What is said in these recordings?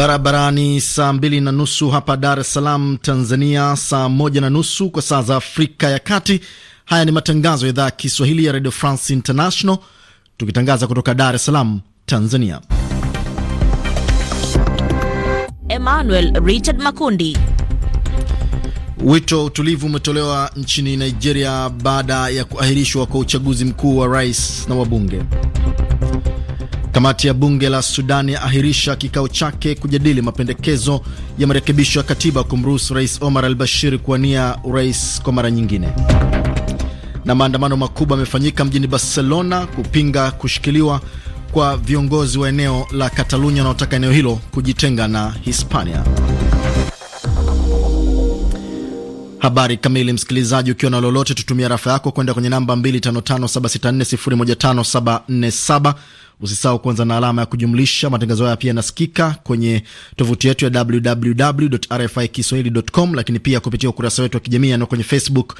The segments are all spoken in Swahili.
Barabarani saa mbili na nusu hapa Dar es Salaam, Tanzania, saa moja na nusu kwa saa za Afrika ya Kati. Haya ni matangazo ya idhaa ya Kiswahili ya Radio France International, tukitangaza kutoka Dar es Salaam, Tanzania. Emmanuel Richard Makundi. Wito wa utulivu umetolewa nchini Nigeria baada ya kuahirishwa kwa uchaguzi mkuu wa rais na wabunge. Kamati ya bunge la Sudan yaahirisha kikao chake kujadili mapendekezo ya marekebisho ya katiba kumruhusu Rais Omar al Bashir kuwania urais kwa mara nyingine. Na maandamano makubwa yamefanyika mjini Barcelona kupinga kushikiliwa kwa viongozi wa eneo la Katalunya wanaotaka eneo hilo kujitenga na Hispania. Habari kamili, msikilizaji, ukiwa na lolote, tutumia rafa yako kwenda kwenye namba 255764015747. Usisahau kuanza na alama ya kujumlisha. Matangazo haya pia yanasikika kwenye tovuti yetu ya www.rfikiswahili.com, lakini pia kupitia ukurasa wetu wa kijamii na yaani kwenye Facebook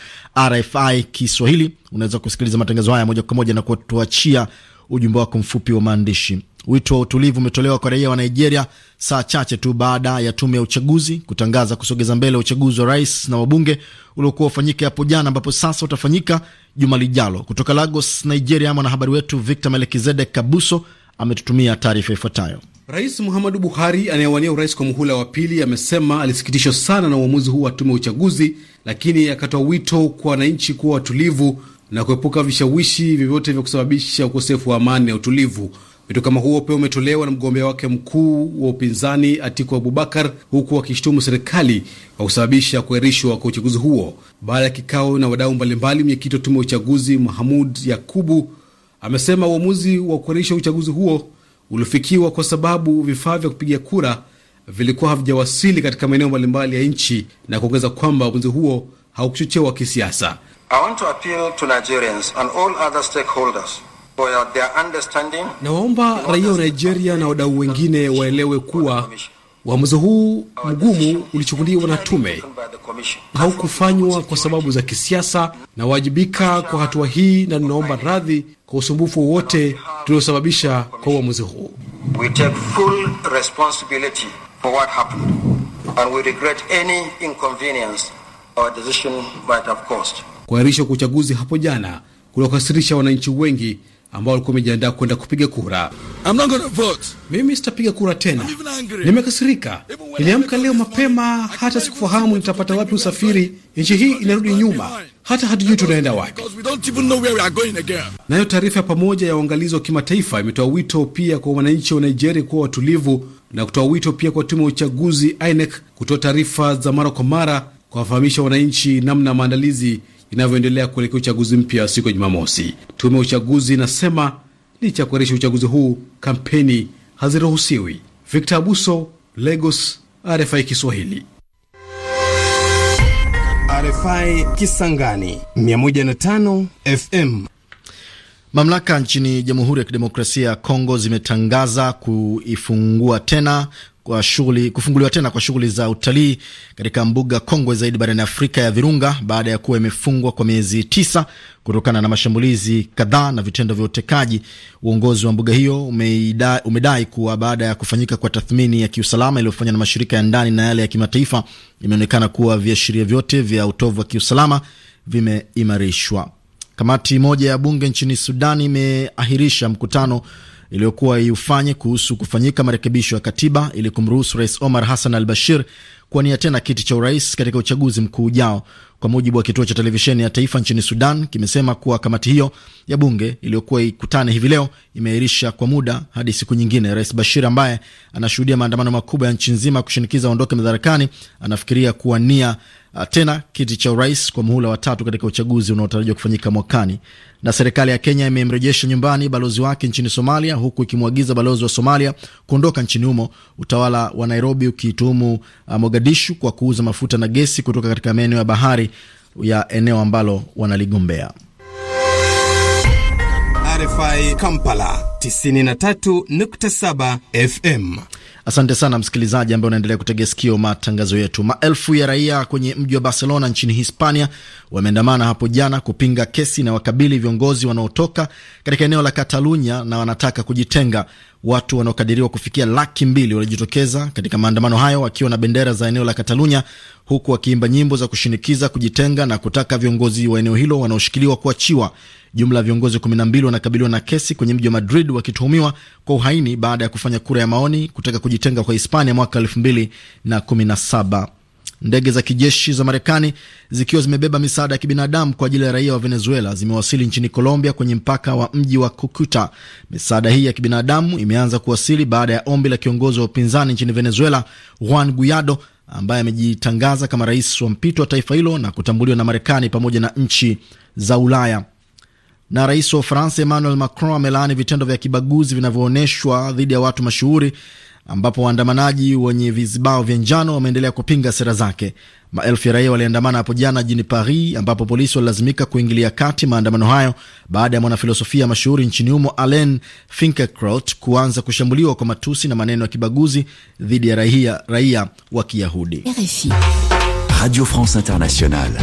RFI Kiswahili. Unaweza kusikiliza matangazo haya moja kwa moja na kutuachia ujumbe wako mfupi wa maandishi. Wito wa utulivu umetolewa kwa raia wa Nigeria saa chache tu baada ya tume ya uchaguzi kutangaza kusogeza mbele uchaguzi wa rais na wabunge uliokuwa ufanyike hapo jana, ambapo sasa utafanyika juma lijalo. Kutoka Lagos, Nigeria, mwanahabari wetu Victor melkizedek Kabuso ametutumia taarifa ifuatayo. Rais Muhammadu Buhari anayewania urais kwa muhula wa pili amesema alisikitishwa sana na uamuzi huu wa tume ya uchaguzi, lakini akatoa wito kwa wananchi kuwa watulivu na kuepuka vishawishi vyovyote vya kusababisha ukosefu wa amani na utulivu. Wito kama huo pia umetolewa na mgombea wake mkuu wa upinzani Atiku Abubakar, huku akishutumu serikali kwa kusababisha kuahirishwa kwa uchaguzi huo. Baada ya kikao na wadau mbalimbali, mwenyekiti wa tume ya uchaguzi Mahamud Yakubu amesema uamuzi wa kuahirisha uchaguzi huo uliofikiwa kwa sababu vifaa vya kupiga kura vilikuwa havijawasili katika maeneo mbalimbali ya nchi na kuongeza kwamba uamuzi huo haukuchochewa kisiasa. I want to appeal to Nigerians and all other stakeholders Nawaomba raia wa Nigeria na wadau wengine waelewe kuwa uamuzi huu mgumu ulichukuliwa na tume, haukufanywa kwa sababu za kisiasa, na wajibika kwa hatua hii, na ninaomba radhi kwa usumbufu wowote tuliosababisha kwa uamuzi huu. kuairisha kwa uchaguzi hapo jana kuliwakasirisha wananchi wengi ambao walikuwa wamejiandaa kwenda kupiga kura. Mimi sitapiga kura tena, nimekasirika. Niliamka leo mapema, hata sikufahamu nitapata wapi usafiri. Nchi hii inarudi nyuma, hata hatujui tunaenda wapi. Nayo taarifa ya pamoja ya uangalizi wa kimataifa imetoa wito pia kwa wananchi wa Nigeria kuwa watulivu na kutoa wito pia kwa tume ya uchaguzi INEC kutoa taarifa za mara kwa mara kuwafahamisha wananchi namna maandalizi inavyoendelea kuelekea uchaguzi mpya wa siku ya Jumamosi. Tume ya uchaguzi inasema licha ya kuahirisha uchaguzi huu, kampeni haziruhusiwi. Victor Abuso, Lagos, RFI Kiswahili. RFI Kisangani 105 FM. Mamlaka nchini Jamhuri ya Kidemokrasia ya Kongo zimetangaza kuifungua tena kwa shughuli kufunguliwa tena kwa shughuli za utalii katika mbuga kongwe zaidi barani Afrika ya Virunga baada ya kuwa imefungwa kwa miezi tisa kutokana na mashambulizi kadhaa na vitendo vya utekaji. Uongozi wa mbuga hiyo umedai kuwa baada ya kufanyika kwa tathmini ya kiusalama iliyofanywa na mashirika ya ndani na yale ya kimataifa, imeonekana kuwa viashiria vyote vya utovu wa kiusalama vimeimarishwa. Kamati moja ya bunge nchini Sudan imeahirisha mkutano iliyokuwa iufanye kuhusu kufanyika marekebisho ya katiba ili kumruhusu Rais Omar Hassan al Bashir kuwania tena kiti cha urais katika uchaguzi mkuu ujao. Kwa mujibu wa kituo cha televisheni ya taifa nchini Sudan, kimesema kuwa kamati hiyo ya bunge iliyokuwa ikutane hivi leo imeahirisha kwa muda hadi siku nyingine. Rais Bashir ambaye anashuhudia maandamano makubwa ya nchi nzima kushinikiza aondoke madarakani, anafikiria kuwania uh, tena kiti cha urais kwa muhula wa tatu katika uchaguzi unaotarajiwa kufanyika mwakani. Na serikali ya Kenya imemrejesha nyumbani balozi wake nchini Somalia, huku ikimwagiza balozi wa Somalia kuondoka nchini humo, utawala wa Nairobi ukiituhumu uh, Mogadishu kwa kuuza mafuta na gesi kutoka katika maeneo ya bahari ya eneo ambalo wanaligombea. RFI Kampala 93.7 FM. Asante sana msikilizaji ambaye unaendelea kutega sikio matangazo yetu. Maelfu ya raia kwenye mji wa Barcelona nchini Hispania wameandamana hapo jana kupinga kesi na wakabili viongozi wanaotoka katika eneo la Katalunya na wanataka kujitenga. Watu wanaokadiriwa kufikia laki mbili walijitokeza katika maandamano hayo wakiwa na bendera za eneo la Katalunya, huku wakiimba nyimbo za kushinikiza kujitenga na kutaka viongozi wa eneo hilo wanaoshikiliwa kuachiwa. Jumla ya viongozi 12 wanakabiliwa na kesi kwenye mji wa Madrid wakituhumiwa kwa uhaini baada ya kufanya kura ya maoni kutaka kujitenga kwa Hispania mwaka saba. Ndege za kijeshi za Marekani zikiwa zimebeba misaada ya kibinadamu kwa ajili ya raia wa Venezuela zimewasili nchini Colombia kwenye mpaka wa mji wa Cucuta. Misaada hii ya kibinadamu imeanza kuwasili baada ya ombi la kiongozi wa upinzani nchini Venezuela Juan Guaido ambaye amejitangaza kama rais wa mpito wa taifa hilo na kutambuliwa na Marekani pamoja na nchi za Ulaya. Na rais wa Ufaransa Emmanuel Macron amelaani vitendo vya kibaguzi vinavyoonyeshwa dhidi ya watu mashuhuri ambapo waandamanaji wenye vizibao vya njano wameendelea kupinga sera zake. Maelfu ya raia waliandamana hapo jana jijini Paris, ambapo polisi walilazimika kuingilia kati maandamano hayo baada ya mwanafilosofia mashuhuri nchini humo Alain Finkielkraut kuanza kushambuliwa kwa matusi na maneno ya kibaguzi dhidi ya raia, raia wa Kiyahudi. RFI Radio France Internationale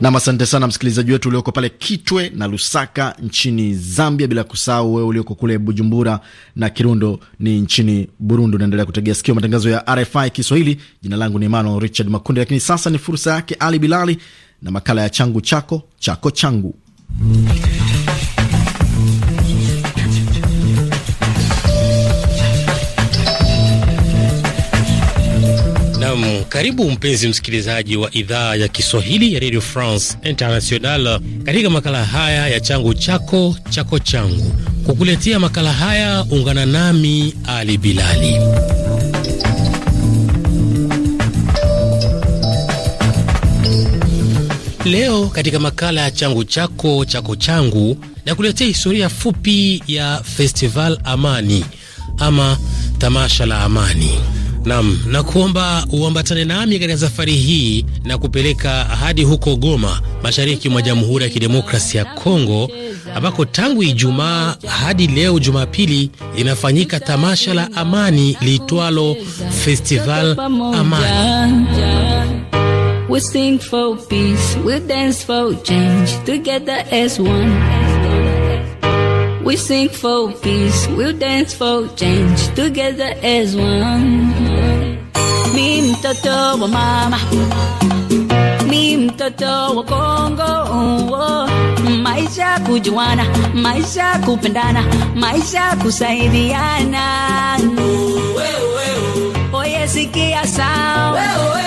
Nam, asante sana msikilizaji wetu ulioko pale Kitwe na Lusaka nchini Zambia, bila kusahau wewe ulioko kule Bujumbura na Kirundo ni nchini Burundi. Unaendelea kutegea sikio matangazo ya RFI Kiswahili. Jina langu ni Emmanuel Richard Makundi, lakini sasa ni fursa yake Ali Bilali na makala ya changu chako chako changu Nam, karibu mpenzi msikilizaji wa idhaa ya Kiswahili ya Radio France International katika makala haya ya changu chako chako changu. Kukuletea makala haya ungana nami Ali Bilali. Leo katika makala ya changu chako chako changu nakuletea historia fupi ya Festival Amani ama tamasha la Amani. Naam, na kuomba uambatane nami katika safari hii na kupeleka hadi huko Goma, mashariki mwa Jamhuri ya Kidemokrasia ya Kongo, ambako tangu Ijumaa hadi leo Jumapili inafanyika tamasha la amani liitwalo Festival Amani. We sing for peace, we dance for change, together as one. We sing for peace, we'll dance for change, together as one. Mi mtoto wa mama, mi mtoto wa Kongo. Oh, oh. maisha kujuana, maisha kupendana, maisha kusaidiana. Oye oh, sikia sawa.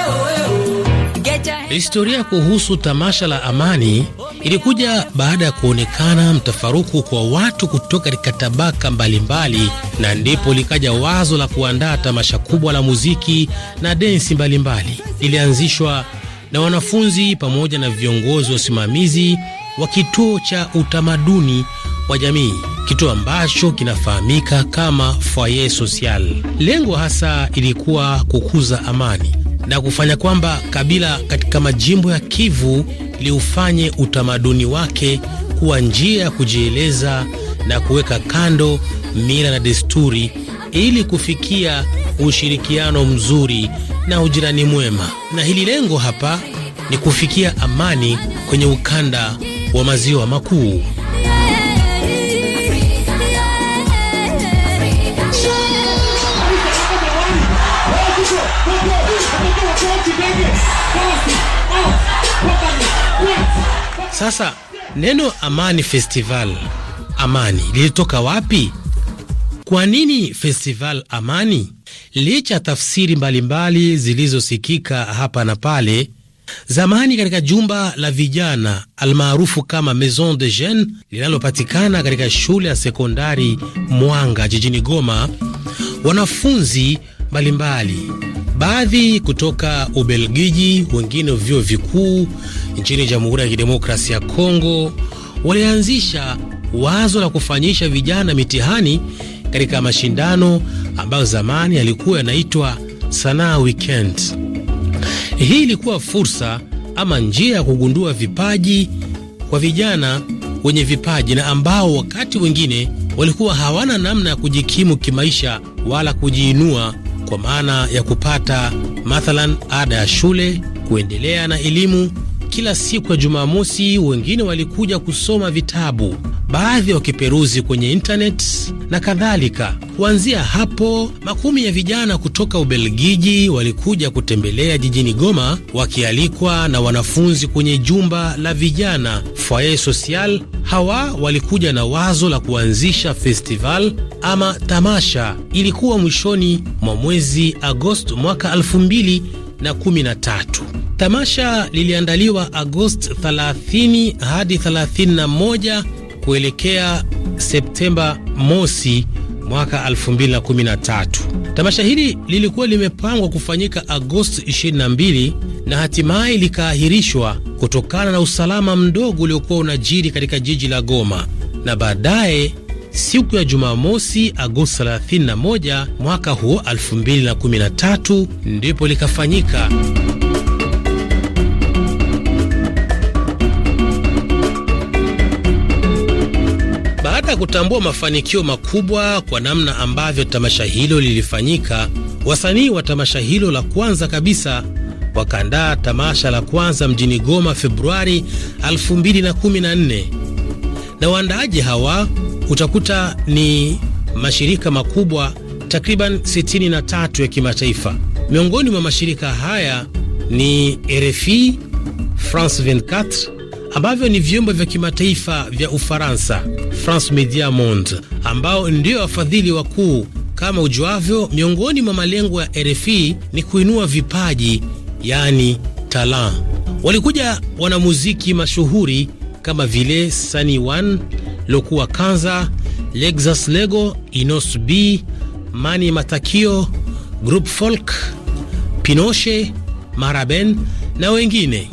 Historia kuhusu tamasha la Amani ilikuja baada ya kuonekana mtafaruku kwa watu kutoka katika tabaka mbalimbali, na ndipo likaja wazo la kuandaa tamasha kubwa la muziki na densi mbalimbali. Lilianzishwa na wanafunzi pamoja na viongozi wa usimamizi wa kituo cha utamaduni wa jamii, kituo ambacho kinafahamika kama Foyer Social. Lengo hasa ilikuwa kukuza amani na kufanya kwamba kabila katika majimbo ya Kivu liufanye utamaduni wake kuwa njia ya kujieleza na kuweka kando mila na desturi ili kufikia ushirikiano mzuri na ujirani mwema. Na hili lengo hapa ni kufikia amani kwenye ukanda wa maziwa makuu. Sasa neno Amani Festival, amani lilitoka wapi? Kwa nini Festival Amani? Licha ya tafsiri mbalimbali zilizosikika hapa na pale, zamani katika jumba la vijana almaarufu kama Maison de Jeunes linalopatikana katika shule ya sekondari Mwanga jijini Goma, wanafunzi mbalimbali baadhi kutoka Ubelgiji, wengine vyuo vikuu nchini Jamhuri ya Kidemokrasia ya Kongo walianzisha wazo la kufanyisha vijana mitihani katika mashindano ambayo zamani yalikuwa yanaitwa sanaa weekend. Hii ilikuwa fursa ama njia ya kugundua vipaji kwa vijana wenye vipaji na ambao wakati wengine walikuwa hawana namna ya kujikimu kimaisha wala kujiinua kwa maana ya kupata mathalan ada ya shule, kuendelea na elimu. Kila siku ya Jumamosi wengine walikuja kusoma vitabu baadhi wakiperuzi kwenye internet na kadhalika. Kuanzia hapo, makumi ya vijana kutoka Ubelgiji walikuja kutembelea jijini Goma, wakialikwa na wanafunzi kwenye jumba la vijana Foyer Social. Hawa walikuja na wazo la kuanzisha festival ama tamasha. Ilikuwa mwishoni mwa mwezi Agosti mwaka 2013. Tamasha liliandaliwa Agosti 30 hadi 31 kuelekea Septemba mosi mwaka 2013. Tamasha hili lilikuwa limepangwa kufanyika Agosti 22 na hatimaye likaahirishwa kutokana na usalama mdogo uliokuwa unajiri katika jiji la Goma na baadaye siku ya Jumamosi Agosti 31 mwaka huo 2013 ndipo likafanyika. kutambua mafanikio makubwa kwa namna ambavyo tamasha hilo lilifanyika, wasanii wa tamasha hilo la kwanza kabisa wakaandaa tamasha la kwanza mjini Goma Februari 2014 na waandaaji hawa utakuta ni mashirika makubwa takriban 63 ya kimataifa. Miongoni mwa mashirika haya ni RFI, France 24 ambavyo ni vyombo vya kimataifa vya Ufaransa, France Media Monde, ambao ndio wafadhili wakuu. Kama ujuavyo, miongoni mwa malengo ya RFI ni kuinua vipaji, yaani talan Walikuja wanamuziki mashuhuri kama vile Sani One, lokua Kanza, Lexus Lego, Inos B, Mani Matakio, Group Folk, Pinoshe, Maraben na wengine.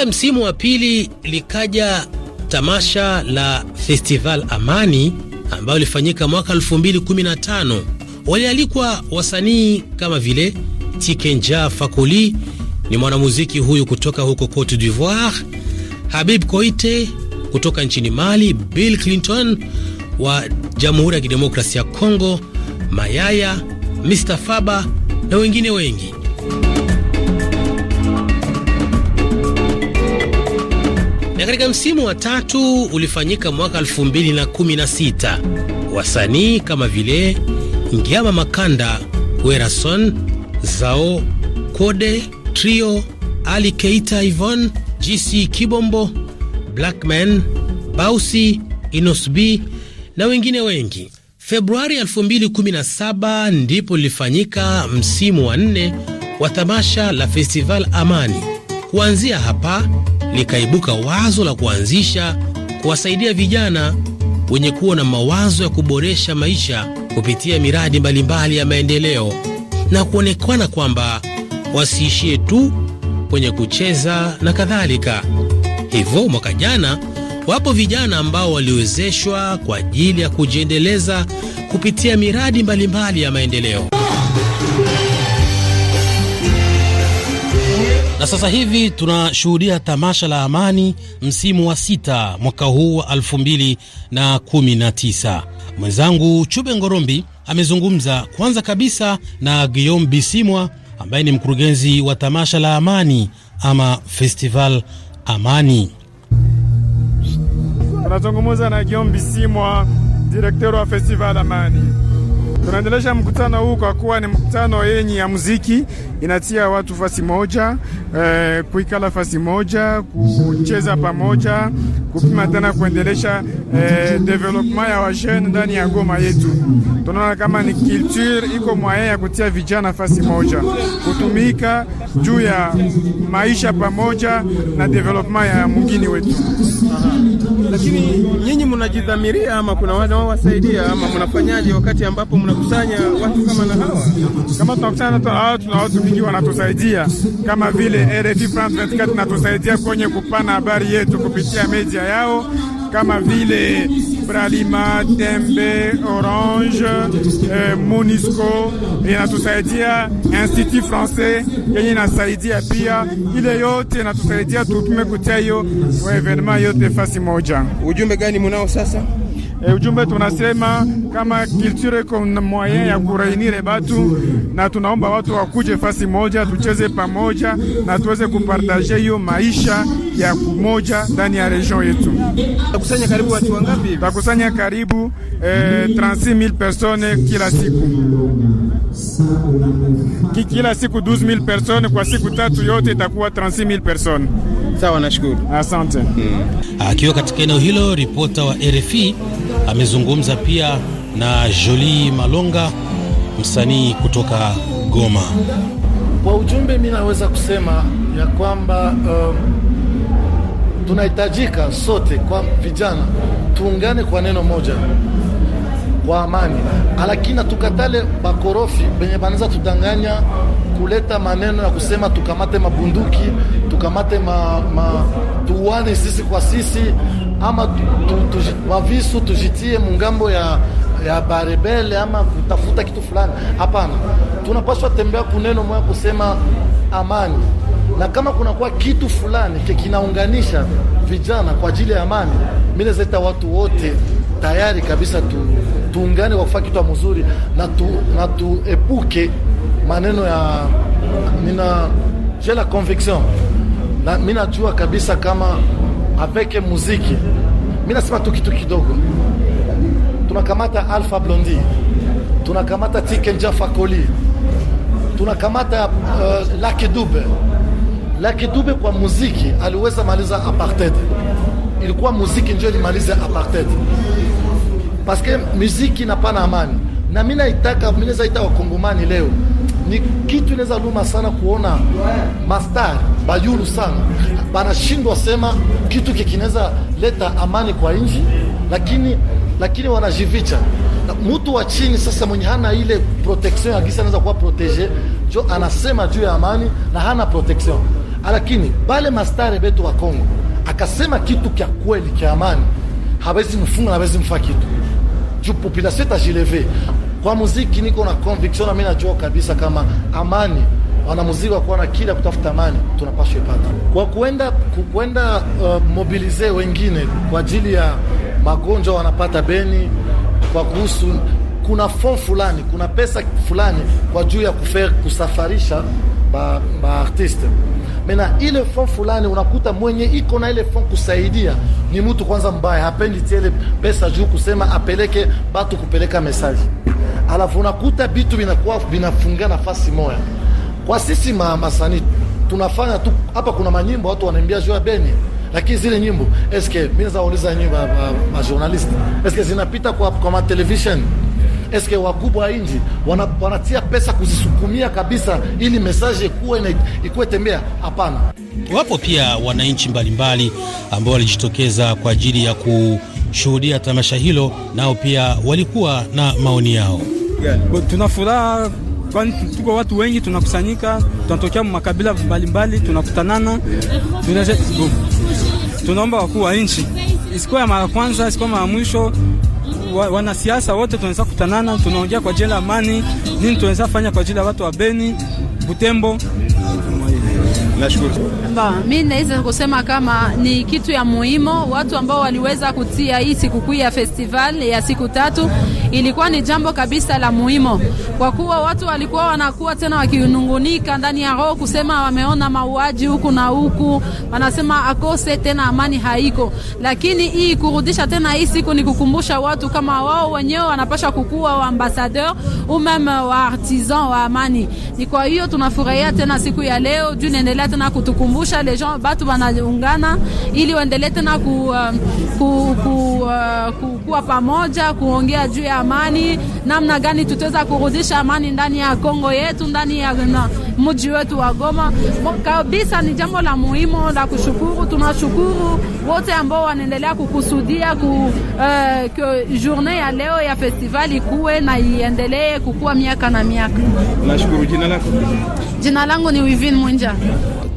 Katika msimu wa pili likaja tamasha la Festival Amani ambayo ilifanyika mwaka 2015. Walialikwa wasanii kama vile Tikenja Fakoli, ni mwanamuziki huyu kutoka huko Cote d'Ivoire, Habib Koite kutoka nchini Mali, Bill Clinton wa Jamhuri ya Kidemokrasia ya Kongo, Mayaya, Mr Faba na wengine wengi. na katika msimu wa tatu ulifanyika mwaka 2016 wasanii kama vile Ngiama Makanda, Werason, Zao Kode, Trio, Ali Keita, Ivon, GC Kibombo, Blackman, Bausi, Inosbi na wengine wengi. Februari 2017 ndipo lilifanyika msimu wa nne wa tamasha la Festival Amani. Kuanzia hapa likaibuka wazo la kuanzisha kuwasaidia vijana wenye kuwa na mawazo ya kuboresha maisha kupitia miradi mbalimbali ya maendeleo na kuonekana kwamba wasiishie tu kwenye kucheza na kadhalika. Hivyo mwaka jana wapo vijana ambao waliwezeshwa kwa ajili ya kujiendeleza kupitia miradi mbalimbali ya maendeleo. Na sasa hivi tunashuhudia tamasha la amani msimu wa sita mwaka huu wa 2019. Mwenzangu Chube Ngorombi amezungumza kwanza kabisa na Guillaume Bisimwa ambaye ni mkurugenzi wa tamasha la amani ama Festival Amani. Tunazungumza na Guillaume Bisimwa, direkteur wa Festival Amani. Tunaendelesha mkutano huu kwa kuwa ni mkutano yenye ya muziki, inatia watu fasi moja eh, kuikala fasi moja, kucheza pamoja, kupima tena kuendelesha eh, development ya wajene ndani ya Goma yetu. Tunaona kama ni culture iko mwaya ya kutia vijana fasi moja, kutumika juu ya maisha pamoja na development ya mgini wetu. Aha. Lakini nyinyi mnajidhamiria ama kuna wanaowasaidia ama mnafanyaje wakati ambapo muna tunakusanya watu kama na hawa, kama tunakusanya watu hawa, tuna watu wengi wanatusaidia, kama vile RFI France 24 tunatusaidia kwenye kupana habari yetu kupitia media yao kama vile Bralima, Tembe, Orange, eh, Monisco inatusaidia, Institut Francais yenye inasaidia pia, ile yote inatusaidia tutume kutia hiyo evenema eh, yote fasi moja. Ujumbe gani munao sasa? E, ujumbe tunasema kama kulture iko moyen ya kurainire batu, na tunaomba watu wakuje fasi moja, tucheze pamoja na tuweze kupartaje hiyo maisha ya kumoja ndani ya region yetu. Takusanya karibu watu wangapi? Takusanya karibu eh, 36000 personnes kila siku kila siku 12000 personnes kwa siku tatu yote itakuwa 36000 persone Sawa, nashukuru. Asante. Hmm. Akiwa katika eneo hilo, ripota wa RFI Amezungumza pia na Jolie Malonga, msanii kutoka Goma. Kwa ujumbe, mi naweza kusema ya kwamba um, tunahitajika sote kwa vijana tuungane kwa neno moja kwa amani, lakini tukatale bakorofi benye banaweza tudanganya kuleta maneno ya kusema tukamate mabunduki tukamate ma, ma, tuwane sisi kwa sisi ama wavisu tujitie mungambo ya ya barebele ama kutafuta kitu fulani. Hapana, tunapaswa tembea kuneno moya kusema amani, na kama kunakuwa kitu fulani kinaunganisha vijana kwa ajili ya amani, mimi nazaita watu wote tayari kabisa tu, tuungane kwa kufanya kitu mzuri na, tu, na tuepuke maneno ya nina jela conviction na mimi najua kabisa kama avec muziki. Mimi nasema tu kitu kidogo, tunakamata Alpha Blondy, tunakamata Tiken Jah Fakoly, tunakamata uh, Lucky Dube. Lucky Dube kwa muziki aliweza maliza apartheid, ilikuwa muziki ndio ilimaliza apartheid, paske muziki napana amani na mimi naitaka mimi naweza ita wakongomani leo, ni kitu inaweza luma sana kuona mastari bajuru sana, banashindwa sema kitu kikinaweza leta amani kwa nchi, lakini lakini wanajivicha mtu wa chini sasa, mwenye hana ile protection ya gisa anaweza kuwa protege jo, anasema juu ya amani na hana protection. Lakini bale mastare betu wa Kongo akasema kitu kya kweli kya amani, hawezi mfunga, hawezi mfa kitu juu population itajileve. Kwa muziki niko na conviction na mimi najua kabisa kama amani wanamuziki wakuwa kila kutafuta mali tunapaswa ipata kwa kuenda kuenda uh, mobilize wengine kwa ajili ya magonjwa wanapata beni kwa kuhusu kuna fond fulani, kuna pesa fulani kwa juu ya kufer, kusafarisha ba, ba artiste mena ile fond fulani, unakuta mwenye iko na ile fond kusaidia ni mtu kwanza mbaya, hapendi tele pesa juu kusema apeleke batu kupeleka mesaji, alafu unakuta bitu vinakuwa binafunga nafasi moya kwa sisi mahamasani tunafanya tu hapa. Kuna manyimbo watu wanaimbia juu ya Beni, lakini zile nyimbo eske mimi nawauliza nyimbo majournalist ma zinapita kwa, kwa ma television wakubwa inji wana, wanatia pesa kuzisukumia kabisa ili mesaje ikuwe ikuwe tembea? Hapana. Wapo pia wananchi mbalimbali ambao walijitokeza kwa ajili ya kushuhudia tamasha hilo, nao pia walikuwa na maoni yao. Yeah, tuna furaha kwani tuko watu wengi, tunakusanyika, tunatokea makabila mbalimbali, tunakutanana, tunaomba wakuu wa nchi, isikuwa ya mara kwanza, isikuwa mara mwisho wanasiasa wote tunaweza kutanana, tunaongea kwa ajili ya amani, nini tunaweza fanya kwa ajili ya watu wa Beni, Butembo. Nashukuru. mi naweza kusema kama ni kitu ya muhimu watu ambao waliweza kutia hii sikukuu ya festival ya siku tatu ilikuwa ni jambo kabisa la muhimu, kwa kuwa watu walikuwa wanakuwa tena wakinungunika ndani ya roho kusema wameona mauaji huku na huku, wanasema akose tena amani haiko. Lakini hii kurudisha tena hii siku ni kukumbusha watu kama wao wenyewe wanapasha kukuwa wa ambassadeur au meme wa artisan wa amani. Ni kwa hiyo tunafurahia tena siku ya leo juu naendelea tena kutukumbusha les gens batu wanaungana ili waendelee tena ku, um, ku, ku, uh, ku, kuwa pamoja kuongea juu ya amani, namna gani tutaweza kurudisha amani ndani ya Kongo yetu, ndani ya mji wetu wa Goma. Kabisa ni jambo la muhimu la kushukuru. Tunashukuru wote ambao wanaendelea kukusudia ku, uh, journée ya leo ya festivali kuwe na iendelee kukua miaka na miaka. Nashukuru. Jina lako? Jina langu ni Wivin Mwinja.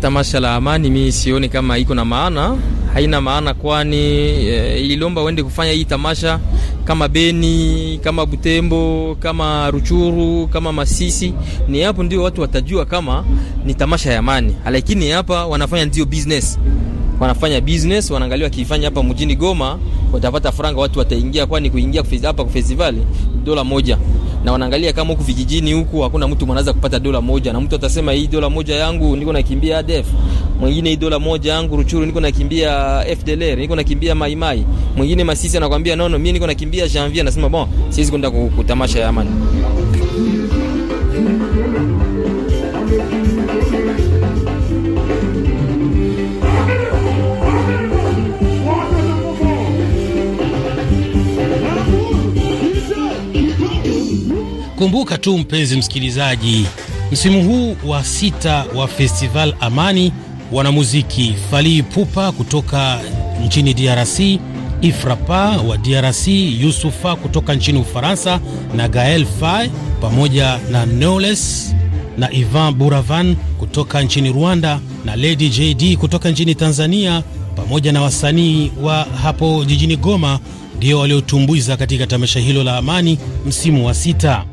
Tamasha la amani, mimi sioni kama iko na maana haina maana, kwani e, iliomba uende kufanya hii tamasha kama Beni, kama Butembo, kama Ruchuru, kama Masisi. Ni hapo ndio watu watajua kama ni tamasha ya amani, lakini hapa wanafanya ndio business wanafanya business, wanaangalia wakifanya hapa mjini Goma watapata franga, watu wataingia, kwani kuingia kufezi, hapa kwa festival dola moja na wanaangalia kama huku vijijini huku hakuna mtu mwanaweza kupata dola moja, na mtu atasema hii dola moja yangu niko nakimbia ADF, mwingine hii dola moja yangu Ruchuru niko nakimbia FDLR, niko nakimbia Mai Mai, mwingine Masisi anakuambia nono, mimi niko nakimbia Janvier, anasema bon, siwezi kwenda kutamasha ya amani. Kumbuka tu mpenzi msikilizaji, msimu huu wa sita wa Festival Amani, wanamuziki fali pupa kutoka nchini DRC, Ifrapa wa DRC, Yusufa kutoka nchini Ufaransa na Gael Faye pamoja na noles na Ivan Buravan kutoka nchini Rwanda na Lady JD kutoka nchini Tanzania pamoja na wasanii wa hapo jijini Goma ndio waliotumbuiza katika tamasha hilo la amani msimu wa sita.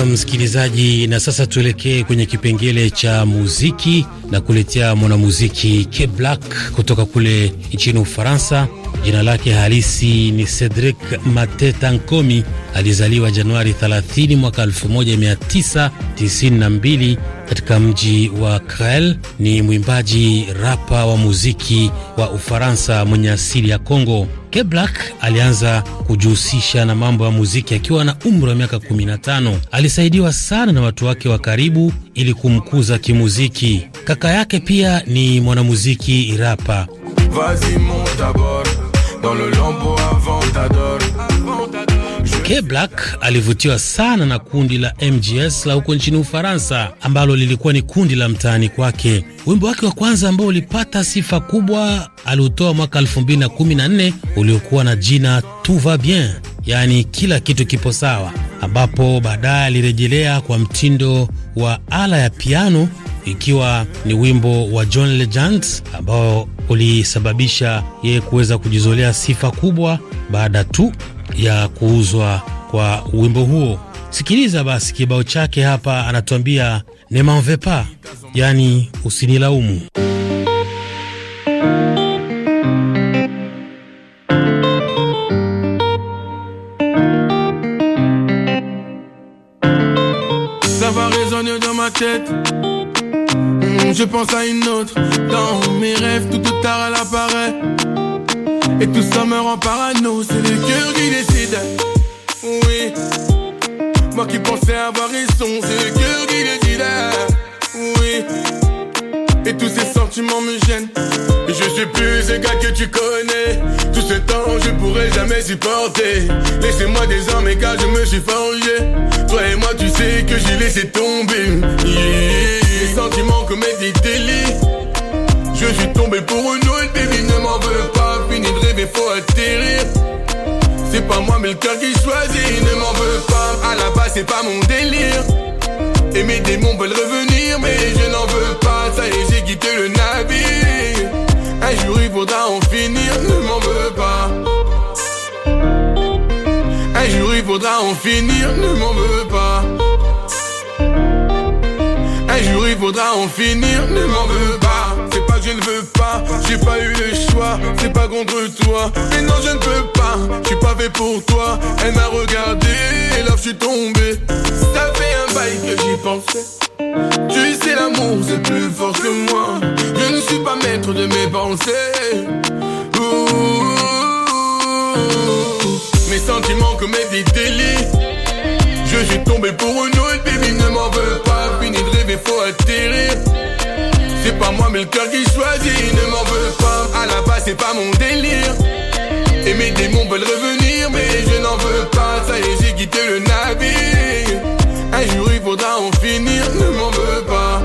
na msikilizaji, na sasa tuelekee kwenye kipengele cha muziki na kuletea mwanamuziki K Black kutoka kule nchini Ufaransa Jina lake halisi ni Cedric Mateta Nkomi. Alizaliwa Januari 30 mwaka 1992 katika mji wa krel Ni mwimbaji rapa wa muziki wa Ufaransa mwenye asili ya Kongo. Keblack alianza kujihusisha na mambo ya muziki akiwa na umri wa miaka 15. Alisaidiwa sana na watu wake wa karibu ili kumkuza kimuziki. Kaka yake pia ni mwanamuziki rapa. Vazimu, Dans le lambeau avant t'adore Black alivutiwa sana na kundi la MGS la huko nchini Ufaransa ambalo lilikuwa ni kundi la mtaani kwake. Wimbo wake wa kwanza ambao ulipata sifa kubwa aliutoa mwaka 2014 uliokuwa na jina Tout va bien, yaani kila kitu kipo sawa, ambapo baadaye alirejelea kwa mtindo wa ala ya piano ikiwa ni wimbo wa John Legend ambao kulisababisha yeye kuweza kujizolea sifa kubwa baada tu ya kuuzwa kwa wimbo huo. Sikiliza basi kibao chake hapa, anatuambia ne m'en veux pas, yaani usinilaumu. je pense à une autre. Dans mes rêves, tout au tard elle apparaît. Et tout ça me rend parano, c'est le cœur qui décide. Oui. Moi qui pensais avoir raison, c'est le cœur qui décide. Oui. Et tous ces sentiments me gênent. je suis plus égal que tu connais. Tout ce temps, je pourrais jamais supporter. Laissez-moi désormais car je me suis forgé. Toi et moi, tu sais que j'ai laissé tomber sentiments mes idées délire, Je suis tombé pour une autre, baby, ne m'en veux pas. Fini de rêver, faut atterrir. C'est pas moi, mais le cœur qui choisit. Ne m'en veux pas, à la base, c'est pas mon délire. Et mes démons veulent revenir, mais je n'en veux pas. Ça y est, j'ai quitté le navire. Un jour, il faudra en finir. Ne m'en veux pas. Un jour, il faudra en finir. Ne m'en veux pas. faudra en finir, ne m'en veux pas. C'est pas que je ne veux pas, j'ai pas eu le choix, c'est pas contre toi. Mais non, je ne peux pas, je suis pas fait pour toi. Elle m'a regardé et là je suis tombé. Ça fait un bail que j'y pensais. Tu sais, l'amour c'est plus fort que moi. Je ne suis pas maître de mes pensées. mes sentiments comme des délits. Je suis tombé pour une autre, baby, ne m'en veux pas faut atterrir. C'est pas moi, mais le cœur qui choisit. Ne m'en veux pas, à la base, c'est pas mon délire. Et mes démons veulent revenir, mais je n'en veux pas. Ça y est, j'ai quitté le navire. Un jour, il faudra en finir. Ne m'en veux pas.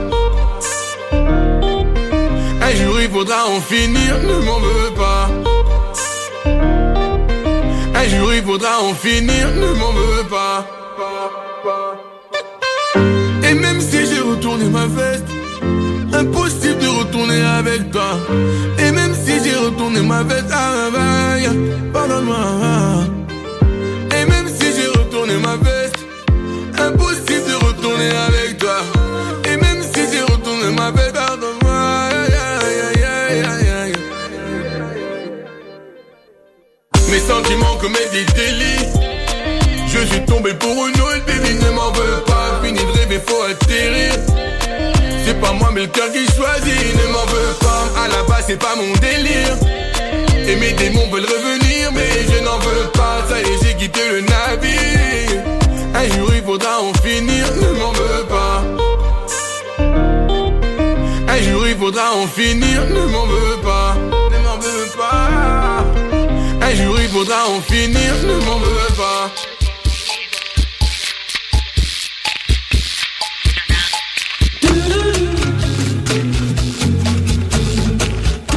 Un jour, il faudra en finir. Ne m'en veux pas. Un jour, il faudra en finir. Ne m'en veux pas. Et même si j'ai retourné ma veste, impossible de retourner avec toi. Et même si j'ai retourné ma veste, ah, pardonne-moi. Et même si j'ai retourné ma veste, impossible de retourner avec toi. Et même si j'ai retourné ma veste, pardonne-moi. mes sentiments comme idées délits. Je suis tombé pour une autre, baby, ne m'en veux pas faut atterrir. C'est pas moi mais le cœur qui choisit, ne m'en veux pas, à la base c'est pas mon délire. Et mes démons veulent revenir, mais je n'en veux pas, ça y est j'ai quitté le navire. Un jour il faudra en finir, ne m'en veux pas. Un jour il faudra en finir, ne m'en veux pas, ne m'en veux pas. Un jour il faudra en finir, ne m'en veux pas.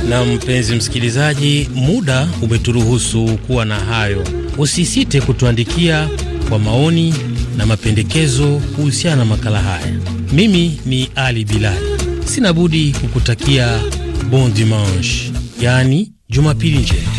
Na mpenzi msikilizaji, muda umeturuhusu kuwa na hayo. Usisite kutuandikia kwa maoni na mapendekezo kuhusiana na makala haya. Mimi ni Ali Bilali, sina budi kukutakia bon dimanche, yaani Jumapili njema.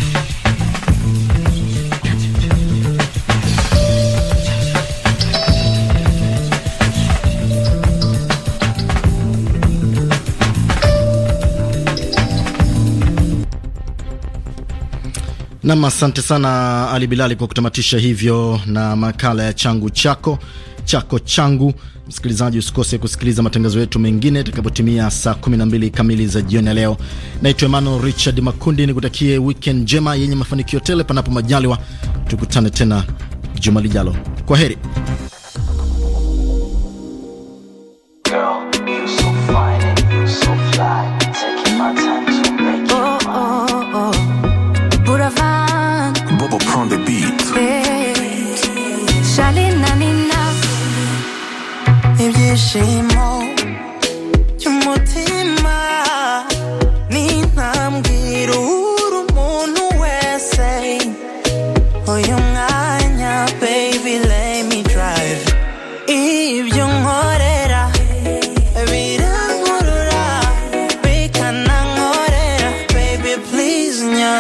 Nam, asante sana Ali Bilali kwa kutamatisha hivyo na makala ya changu chako chako changu. Msikilizaji, usikose kusikiliza matangazo yetu mengine itakapotimia saa 12 kamili za jioni ya leo. Naitwa Emmanuel Richard Makundi, nikutakie weekend njema yenye mafanikio tele, panapo majaliwa tukutane tena juma lijalo. Kwa heri.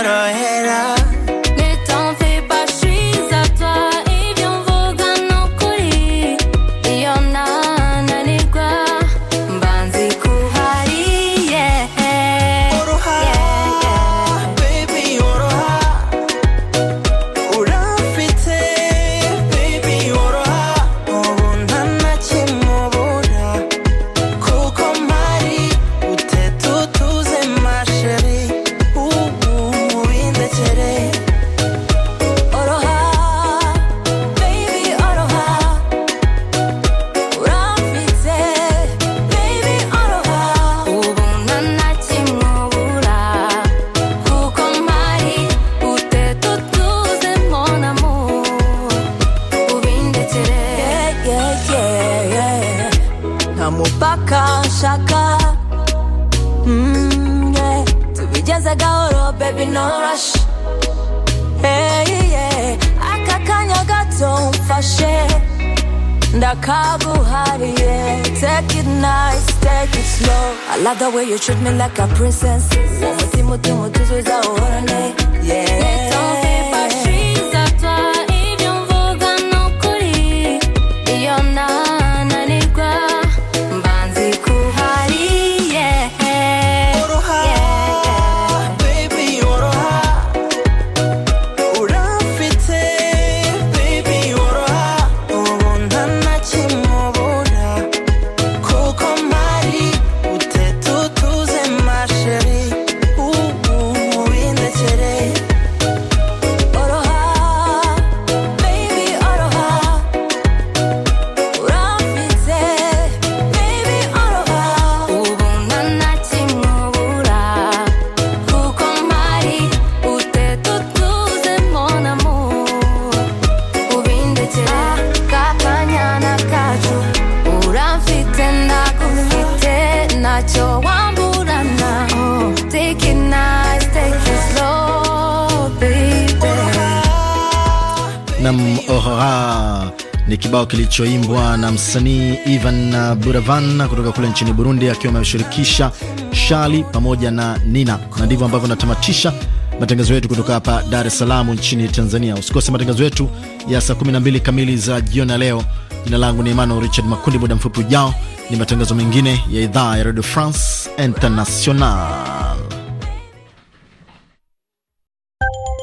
that I mupaka shaka mm, yeah. tubijaze gaoro baby no rush hey, yeah. aka kanya gato mfashe yeah. take it nice take it slow i love the way you treat me like a princess umutima utima yeah. uhorane yeah. kibao kilichoimbwa na msanii Ivan Buravan kutoka kule nchini Burundi, akiwa ameshirikisha Shali pamoja na Nina, na ndivyo ambavyo natamatisha matangazo yetu kutoka hapa Dar es Salaam nchini Tanzania. Usikose matangazo yetu ya saa 12 kamili za jioni ya leo. Jina langu ni Emmanuel Richard Makundi. Muda mfupi ujao ni matangazo mengine ya idhaa ya Radio France International.